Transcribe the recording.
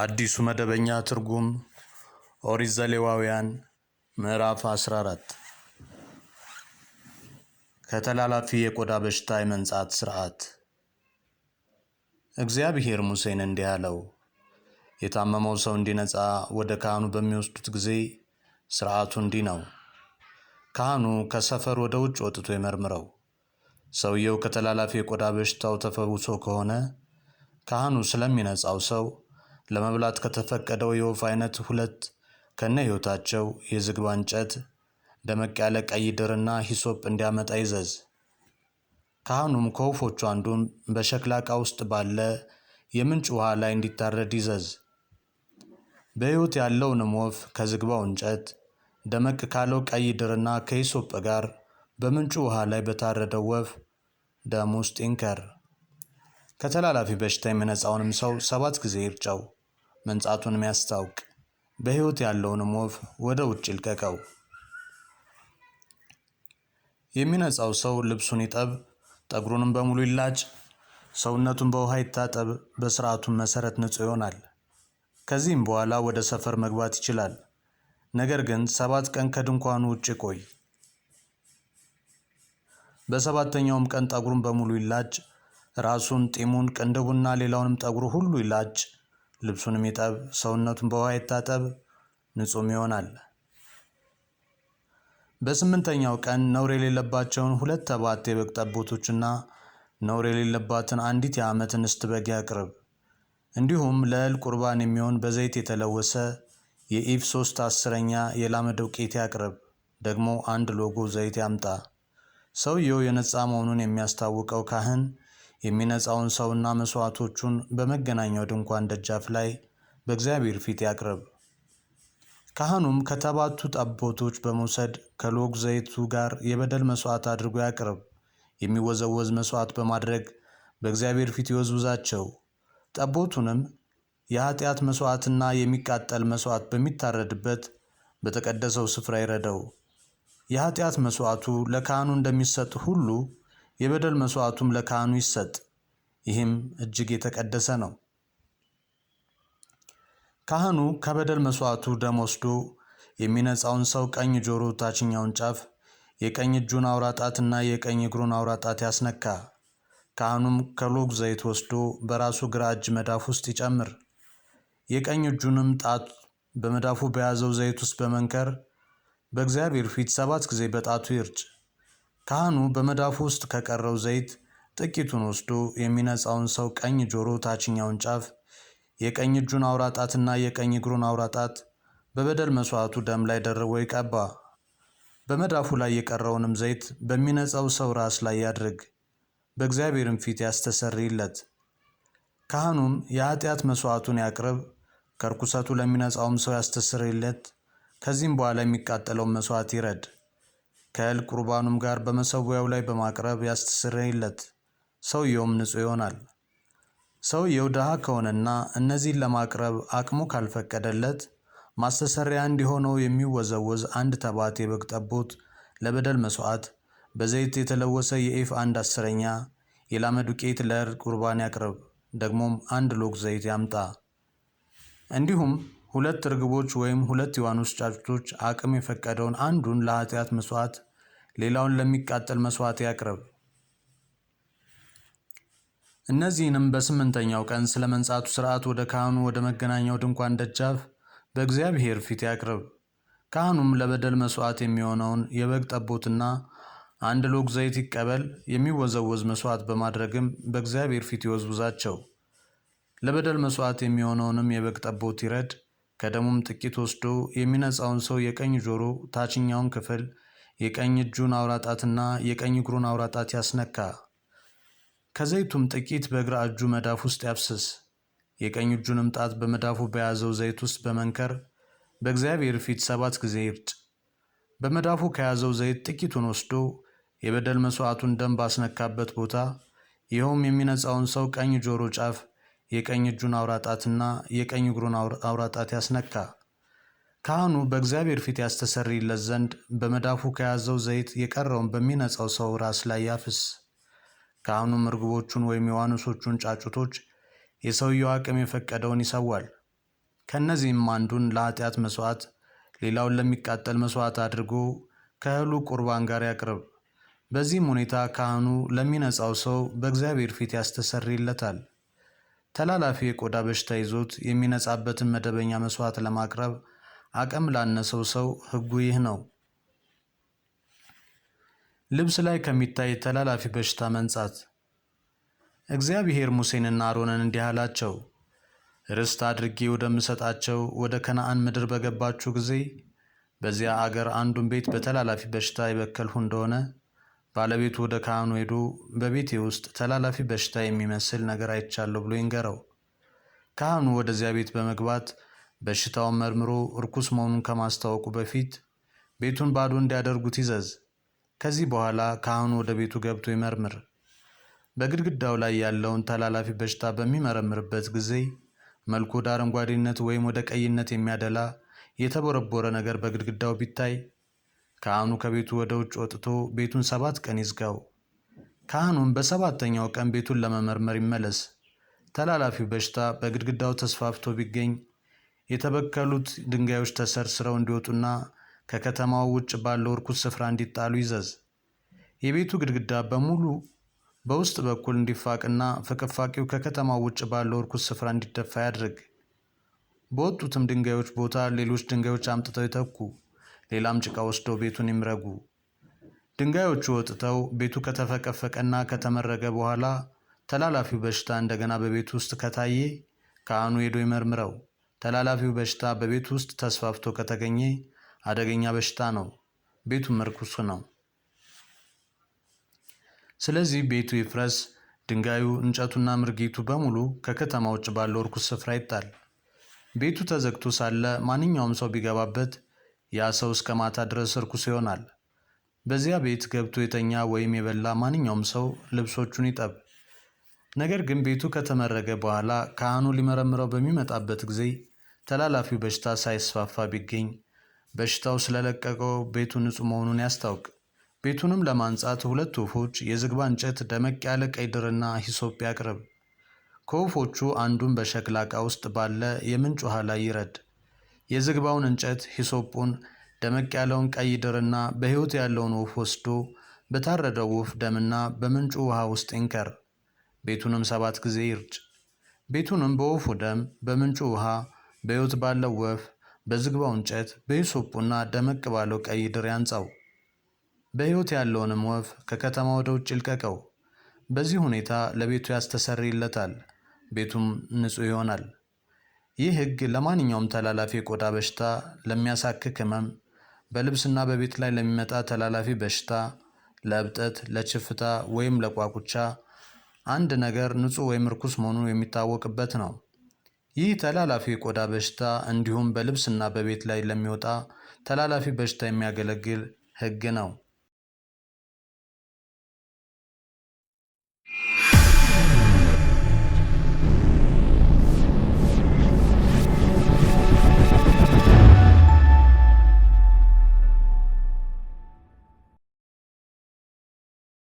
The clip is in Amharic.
አዲሱ መደበኛ ትርጉም ኦሪት ዘሌዋውያን ምዕራፍ 14 ከተላላፊ የቆዳ በሽታ የመንጻት ስርዓት እግዚአብሔር ሙሴን እንዲህ አለው፣ የታመመው ሰው እንዲነጻ ወደ ካህኑ በሚወስዱት ጊዜ ስርዓቱ እንዲህ ነው። ካህኑ ከሰፈር ወደ ውጭ ወጥቶ ይመርምረው። ሰውየው ከተላላፊ የቆዳ በሽታው ተፈውሶ ከሆነ ካህኑ ስለሚነጻው ሰው ለመብላት ከተፈቀደው የወፍ አይነት ሁለት ከነ ሕይወታቸው የዝግባ እንጨት ደመቅ ያለ ቀይ ድርና ሂሶጵ እንዲያመጣ ይዘዝ። ካህኑም ከወፎቹ አንዱን በሸክላ ዕቃ ውስጥ ባለ የምንጭ ውሃ ላይ እንዲታረድ ይዘዝ። በሕይወት ያለውንም ወፍ ከዝግባው እንጨት ደመቅ ካለው ቀይ ድርና ከሂሶጵ ጋር በምንጩ ውሃ ላይ በታረደው ወፍ ደም ውስጥ ይንከር። ከተላላፊ በሽታ የሚነጻውንም ሰው ሰባት ጊዜ ይርጨው። መንጻቱንም ያስታውቅ፣ በሕይወት ያለውንም ወፍ ወደ ውጭ ይልቀቀው። የሚነጻው ሰው ልብሱን ይጠብ፣ ጠጉሩንም በሙሉ ይላጭ፣ ሰውነቱን በውሃ ይታጠብ፣ በሥርዓቱም መሠረት ንጹሕ ይሆናል። ከዚህም በኋላ ወደ ሰፈር መግባት ይችላል። ነገር ግን ሰባት ቀን ከድንኳኑ ውጭ ቆይ። በሰባተኛውም ቀን ጠጉሩን በሙሉ ይላጭ፣ ራሱን፣ ጢሙን፣ ቅንድቡና ሌላውንም ጠጉሩ ሁሉ ይላጭ። ልብሱንም ይጠብ፣ ሰውነቱን በውሃ ይታጠብ፣ ንጹም ይሆናል። በስምንተኛው ቀን ነውር የሌለባቸውን ሁለት ተባት የበግ ጠቦቶችና ነውር የሌለባትን አንዲት የዓመት እንስት በግ ያቅርብ። እንዲሁም ለእህል ቁርባን የሚሆን በዘይት የተለወሰ የኢፍ ሶስት አስረኛ የላመ ዱቄት ያቅርብ። ደግሞ አንድ ሎጎ ዘይት ያምጣ። ሰውየው የነፃ መሆኑን የሚያስታውቀው ካህን የሚነጻውን ሰውና መሥዋዕቶቹን በመገናኛው ድንኳን ደጃፍ ላይ በእግዚአብሔር ፊት ያቅርብ። ካህኑም ከተባቱ ጠቦቶች በመውሰድ ከሎግ ዘይቱ ጋር የበደል መሥዋዕት አድርጎ ያቅርብ። የሚወዘወዝ መሥዋዕት በማድረግ በእግዚአብሔር ፊት ይወዝውዛቸው። ጠቦቱንም የኃጢአት መሥዋዕትና የሚቃጠል መሥዋዕት በሚታረድበት በተቀደሰው ስፍራ ይረደው። የኃጢአት መሥዋዕቱ ለካህኑ እንደሚሰጥ ሁሉ የበደል መስዋዕቱም ለካህኑ ይሰጥ። ይህም እጅግ የተቀደሰ ነው። ካህኑ ከበደል መስዋዕቱ ደም ወስዶ የሚነጻውን ሰው ቀኝ ጆሮ ታችኛውን ጫፍ፣ የቀኝ እጁን አውራጣትና የቀኝ እግሩን አውራጣት ያስነካ። ካህኑም ከሎግ ዘይት ወስዶ በራሱ ግራ እጅ መዳፍ ውስጥ ይጨምር። የቀኝ እጁንም ጣት በመዳፉ በያዘው ዘይት ውስጥ በመንከር በእግዚአብሔር ፊት ሰባት ጊዜ በጣቱ ይርጭ። ካህኑ በመዳፉ ውስጥ ከቀረው ዘይት ጥቂቱን ወስዶ የሚነጻውን ሰው ቀኝ ጆሮ ታችኛውን ጫፍ፣ የቀኝ እጁን አውራ የቀኝ እግሩን አውራ ጣት በበደል መሥዋዕቱ ደም ላይ ደርቦ ይቀባ። በመዳፉ ላይ የቀረውንም ዘይት በሚነጻው ሰው ራስ ላይ ያድርግ፣ በእግዚአብሔርም ፊት ያስተሰርይለት። ካህኑም የኃጢአት መሥዋዕቱን ያቅርብ፣ ከርኩሰቱ ለሚነጻውም ሰው ያስተሰርይለት። ከዚህም በኋላ የሚቃጠለውን መሥዋዕት ይረድ። ከእህል ቁርባኑም ጋር በመሰዊያው ላይ በማቅረብ ያስተሰርይለት፣ ሰውየውም ንጹሕ ይሆናል። ሰውየው ድሃ ከሆነና እነዚህን ለማቅረብ አቅሙ ካልፈቀደለት ማስተሰሪያ እንዲሆነው የሚወዘወዝ አንድ ተባት የበግ ጠቦት ለበደል መሥዋዕት በዘይት የተለወሰ የኢፍ አንድ አስረኛ የላመ ዱቄት ለእህል ቁርባን ያቅርብ። ደግሞም አንድ ሎግ ዘይት ያምጣ። እንዲሁም ሁለት እርግቦች ወይም ሁለት የዋኖስ ጫጩቶች አቅም የፈቀደውን አንዱን ለኃጢአት መስዋዕት፣ ሌላውን ለሚቃጠል መስዋዕት ያቅርብ። እነዚህንም በስምንተኛው ቀን ስለ መንጻቱ ስርዓት ወደ ካህኑ ወደ መገናኛው ድንኳን ደጃፍ በእግዚአብሔር ፊት ያቅርብ። ካህኑም ለበደል መስዋዕት የሚሆነውን የበግ ጠቦትና አንድ ሎግ ዘይት ይቀበል። የሚወዘወዝ መስዋዕት በማድረግም በእግዚአብሔር ፊት ይወዝውዛቸው። ለበደል መስዋዕት የሚሆነውንም የበግ ጠቦት ይረድ። ከደሙም ጥቂት ወስዶ የሚነጻውን ሰው የቀኝ ጆሮ ታችኛውን ክፍል የቀኝ እጁን አውራጣትና የቀኝ እግሩን አውራጣት ያስነካ። ከዘይቱም ጥቂት በግራ እጁ መዳፍ ውስጥ ያፍስስ። የቀኝ እጁንም ጣት በመዳፉ በያዘው ዘይት ውስጥ በመንከር በእግዚአብሔር ፊት ሰባት ጊዜ ይርጭ። በመዳፉ ከያዘው ዘይት ጥቂቱን ወስዶ የበደል መሥዋዕቱን ደም ባስነካበት ቦታ ይኸውም የሚነጻውን ሰው ቀኝ ጆሮ ጫፍ የቀኝ እጁን አውራ ጣትና የቀኝ እግሩን አውራ ጣት ያስነካ። ካህኑ በእግዚአብሔር ፊት ያስተሰርይለት ዘንድ በመዳፉ ከያዘው ዘይት የቀረውን በሚነጻው ሰው ራስ ላይ ያፍስ። ካህኑም ምርግቦቹን ወይም የዋኖሶቹን ጫጩቶች የሰውየው አቅም የፈቀደውን ይሰዋል። ከእነዚህም አንዱን ለኃጢአት መሥዋዕት ሌላውን ለሚቃጠል መሥዋዕት አድርጎ ከእህሉ ቁርባን ጋር ያቅርብ። በዚህም ሁኔታ ካህኑ ለሚነጻው ሰው በእግዚአብሔር ፊት ያስተሰርይለታል። ተላላፊ የቆዳ በሽታ ይዞት የሚነጻበትን መደበኛ መስዋዕት ለማቅረብ አቅም ላነሰው ሰው ህጉ ይህ ነው። ልብስ ላይ ከሚታይ ተላላፊ በሽታ መንጻት። እግዚአብሔር ሙሴንና አሮንን እንዲህ አላቸው፣ ርስት አድርጌ ወደምሰጣቸው ወደ ከነአን ምድር በገባችሁ ጊዜ በዚያ አገር አንዱን ቤት በተላላፊ በሽታ የበከልሁ እንደሆነ ባለቤቱ ወደ ካህኑ ሄዶ በቤቴ ውስጥ ተላላፊ በሽታ የሚመስል ነገር አይቻለሁ ብሎ ይንገረው። ካህኑ ወደዚያ ቤት በመግባት በሽታውን መርምሮ እርኩስ መሆኑን ከማስታወቁ በፊት ቤቱን ባዶ እንዲያደርጉት ይዘዝ። ከዚህ በኋላ ካህኑ ወደ ቤቱ ገብቶ ይመርምር። በግድግዳው ላይ ያለውን ተላላፊ በሽታ በሚመረምርበት ጊዜ መልኩ ወደ አረንጓዴነት ወይም ወደ ቀይነት የሚያደላ የተቦረቦረ ነገር በግድግዳው ቢታይ ካህኑ ከቤቱ ወደ ውጭ ወጥቶ ቤቱን ሰባት ቀን ይዝጋው። ካህኑም በሰባተኛው ቀን ቤቱን ለመመርመር ይመለስ። ተላላፊው በሽታ በግድግዳው ተስፋፍቶ ቢገኝ የተበከሉት ድንጋዮች ተሰርስረው እንዲወጡና ከከተማው ውጭ ባለው እርኩስ ስፍራ እንዲጣሉ ይዘዝ። የቤቱ ግድግዳ በሙሉ በውስጥ በኩል እንዲፋቅና ፍቅፋቂው ከከተማው ውጭ ባለው እርኩስ ስፍራ እንዲደፋ ያድርግ። በወጡትም ድንጋዮች ቦታ ሌሎች ድንጋዮች አምጥተው ይተኩ። ሌላም ጭቃ ወስደው ቤቱን ይምረጉ። ድንጋዮቹ ወጥተው ቤቱ ከተፈቀፈቀና ከተመረገ በኋላ ተላላፊው በሽታ እንደገና በቤቱ ውስጥ ከታየ ካህኑ ሄዶ ይመርምረው። ተላላፊው በሽታ በቤቱ ውስጥ ተስፋፍቶ ከተገኘ አደገኛ በሽታ ነው፣ ቤቱም እርኩስ ነው። ስለዚህ ቤቱ ይፍረስ፣ ድንጋዩ እንጨቱና ምርጊቱ በሙሉ ከከተማ ውጭ ባለው እርኩስ ስፍራ ይጣል። ቤቱ ተዘግቶ ሳለ ማንኛውም ሰው ቢገባበት ያ ሰው እስከ ማታ ድረስ እርኩስ ይሆናል። በዚያ ቤት ገብቶ የተኛ ወይም የበላ ማንኛውም ሰው ልብሶቹን ይጠብ። ነገር ግን ቤቱ ከተመረገ በኋላ ካህኑ ሊመረምረው በሚመጣበት ጊዜ ተላላፊው በሽታ ሳይስፋፋ ቢገኝ በሽታው ስለለቀቀው ቤቱ ንጹህ መሆኑን ያስታውቅ። ቤቱንም ለማንጻት ሁለት ወፎች የዝግባ እንጨት፣ ደመቅ ያለ ቀይ ድርና ሂሶፕ ያቅርብ። ከወፎቹ አንዱን በሸክላ ዕቃ ውስጥ ባለ የምንጭ ውሃ ላይ ይረድ። የዝግባውን እንጨት፣ ሂሶጱን፣ ደመቅ ያለውን ቀይ ድርና በሕይወት ያለውን ወፍ ወስዶ በታረደው ወፍ ደምና በምንጩ ውሃ ውስጥ ይንከር። ቤቱንም ሰባት ጊዜ ይርጭ። ቤቱንም በወፉ ደም፣ በምንጩ ውሃ፣ በሕይወት ባለው ወፍ፣ በዝግባው እንጨት፣ በሂሶጱና ደመቅ ባለው ቀይ ድር ያንጻው። በሕይወት ያለውንም ወፍ ከከተማ ወደ ውጭ ይልቀቀው። በዚህ ሁኔታ ለቤቱ ያስተሰርይለታል፣ ቤቱም ንጹሕ ይሆናል። ይህ ህግ ለማንኛውም ተላላፊ የቆዳ በሽታ፣ ለሚያሳክክ ህመም፣ በልብስና በቤት ላይ ለሚመጣ ተላላፊ በሽታ፣ ለእብጠት፣ ለችፍታ ወይም ለቋቁቻ አንድ ነገር ንጹህ ወይም ርኩስ መሆኑ የሚታወቅበት ነው። ይህ ተላላፊ የቆዳ በሽታ እንዲሁም በልብስና በቤት ላይ ለሚወጣ ተላላፊ በሽታ የሚያገለግል ህግ ነው።